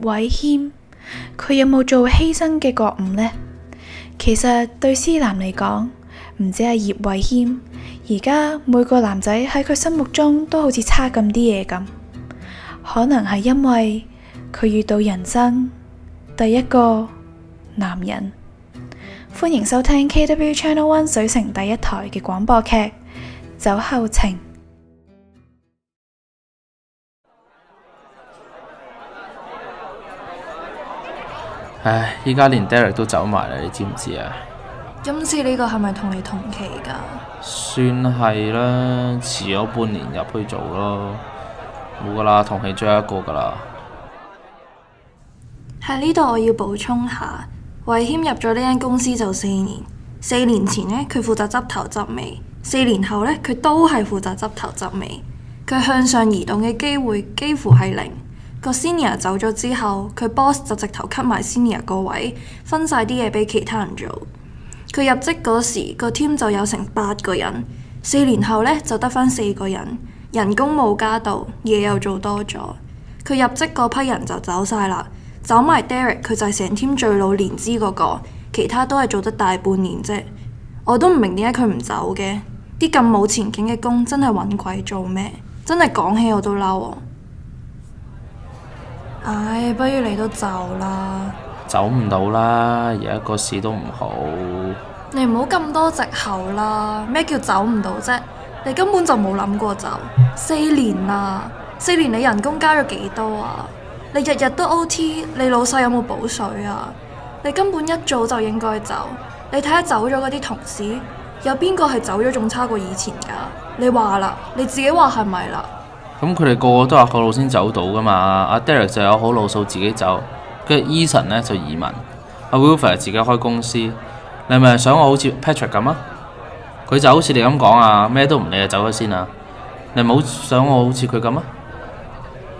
葉偉謙，佢有冇做犧牲嘅覺悟呢？其實對思南嚟講，唔止係葉偉謙，而家每個男仔喺佢心目中都好似差咁啲嘢咁。可能係因為佢遇到人生第一個男人。歡迎收聽 KW Channel One 水城第一台嘅廣播劇《走後情》。唉，依家連 Derek 都走埋啦，你知唔知啊？今次呢個係咪同你同期噶？算係啦，遲咗半年入去做咯，冇噶啦，同期最後一個噶啦。喺呢度我要補充下，韋謙入咗呢間公司就四年，四年前呢，佢負責執頭執尾，四年後呢，佢都係負責執頭執尾，佢向上移動嘅機會幾乎係零。個 senior 走咗之後，佢 boss 就直頭 cut 埋 senior 個位，分晒啲嘢畀其他人做。佢入職嗰時個 team 就有成八個人，四年後呢，就得返四個人，人工冇加到，嘢又做多咗。佢入職嗰批人就走晒啦，走埋 Derek，佢就係成 team 最老年資嗰個，其他都係做得大半年啫。我都唔明點解佢唔走嘅，啲咁冇前景嘅工真係揾鬼做咩？真係講起我都嬲啊！唉，不如你都走啦，走唔到啦，而家個市都唔好。你唔好咁多借口啦，咩叫走唔到啫？你根本就冇諗過走，四年啦、啊，四年你人工加咗幾多啊？你日日都 OT，你老細有冇補水啊？你根本一早就應該走，你睇下走咗嗰啲同事，有邊個係走咗仲差過以前噶？你話啦，你自己話係咪啦？咁佢哋個個都話後路先走到噶嘛？阿 Derek 就有好路數自己走，跟住 Eason 咧就移民，阿、啊、Wilfred 自己開公司。你係咪想我好似 Patrick 咁啊？佢就好似你咁講啊，咩都唔理就走咗先啊！你唔好想我好似佢咁啊！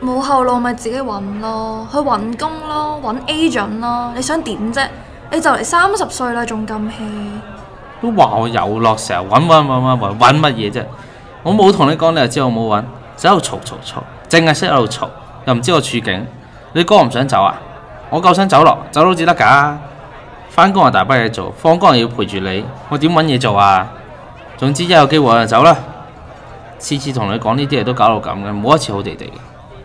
冇後路咪自己揾咯，去揾工咯，揾 agent 咯。你想點啫？你就嚟三十歲啦，仲咁 hea？都話我遊落成日揾揾揾揾揾乜嘢啫？我冇同你講，你又知我冇揾。走度嘈嘈嘈，淨係識喺度嘈，又唔知我處境。你哥唔想走啊？我夠想走咯，走都至得噶。翻工又大把嘢做，放工又要陪住你，我點搵嘢做啊？總之一有機會我就走啦。次次同你講呢啲嘢都搞到咁嘅，冇一次好地地。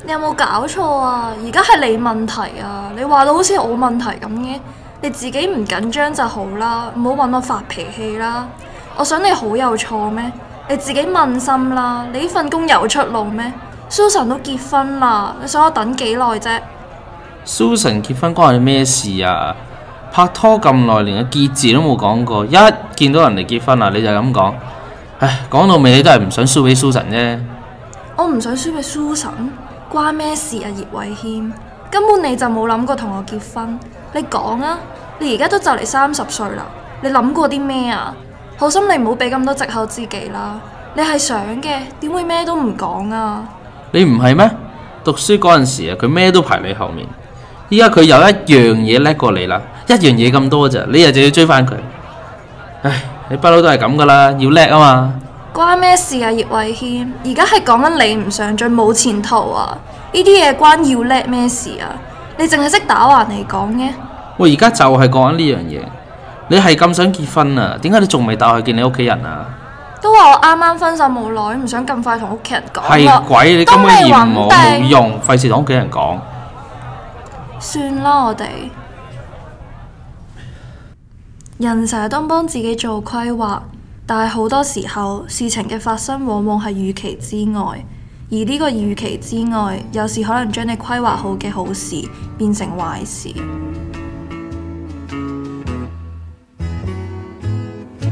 你有冇搞錯啊？而家係你問題啊！你話到好似我問題咁嘅，你自己唔緊張就好啦，唔好搵我發脾氣啦。我想你好有錯咩？你自己問心啦，你份工有出路咩？Susan 都結婚啦，你想我等幾耐啫？Susan 結婚關你咩事啊？拍拖咁耐連個結字都冇講過，一見到人哋結婚啦你就咁講，唉，講到尾你都係唔想輸俾 Susan 啫。我唔想輸俾 Susan 關咩事啊？葉偉謙根本你就冇諗過同我結婚，你講啊！你而家都就嚟三十歲啦，你諗過啲咩啊？好心你唔好俾咁多藉口自己啦，你係想嘅，點會咩都唔講啊？你唔係咩？讀書嗰陣時啊，佢咩都排你後面，依家佢有一樣嘢叻過你啦，一樣嘢咁多咋，你又就要追翻佢？唉，你不嬲都係咁噶啦，要叻啊嘛！關咩事啊？葉偉謙，而家係講緊你唔上進冇前途啊！呢啲嘢關要叻咩事啊？你淨係識打橫嚟講嘅？我而家就係講緊呢樣嘢。你係咁想結婚啊？點解你仲未帶我去見你屋企人啊？都話我啱啱分手冇耐，唔想咁快同屋企人講。係鬼你咁樣嫌我冇用，費事同屋企人講。算啦，我哋人成日都幫自己做規劃，但係好多時候事情嘅發生往往係預期之外，而呢個預期之外，有時可能將你規劃好嘅好事變成壞事。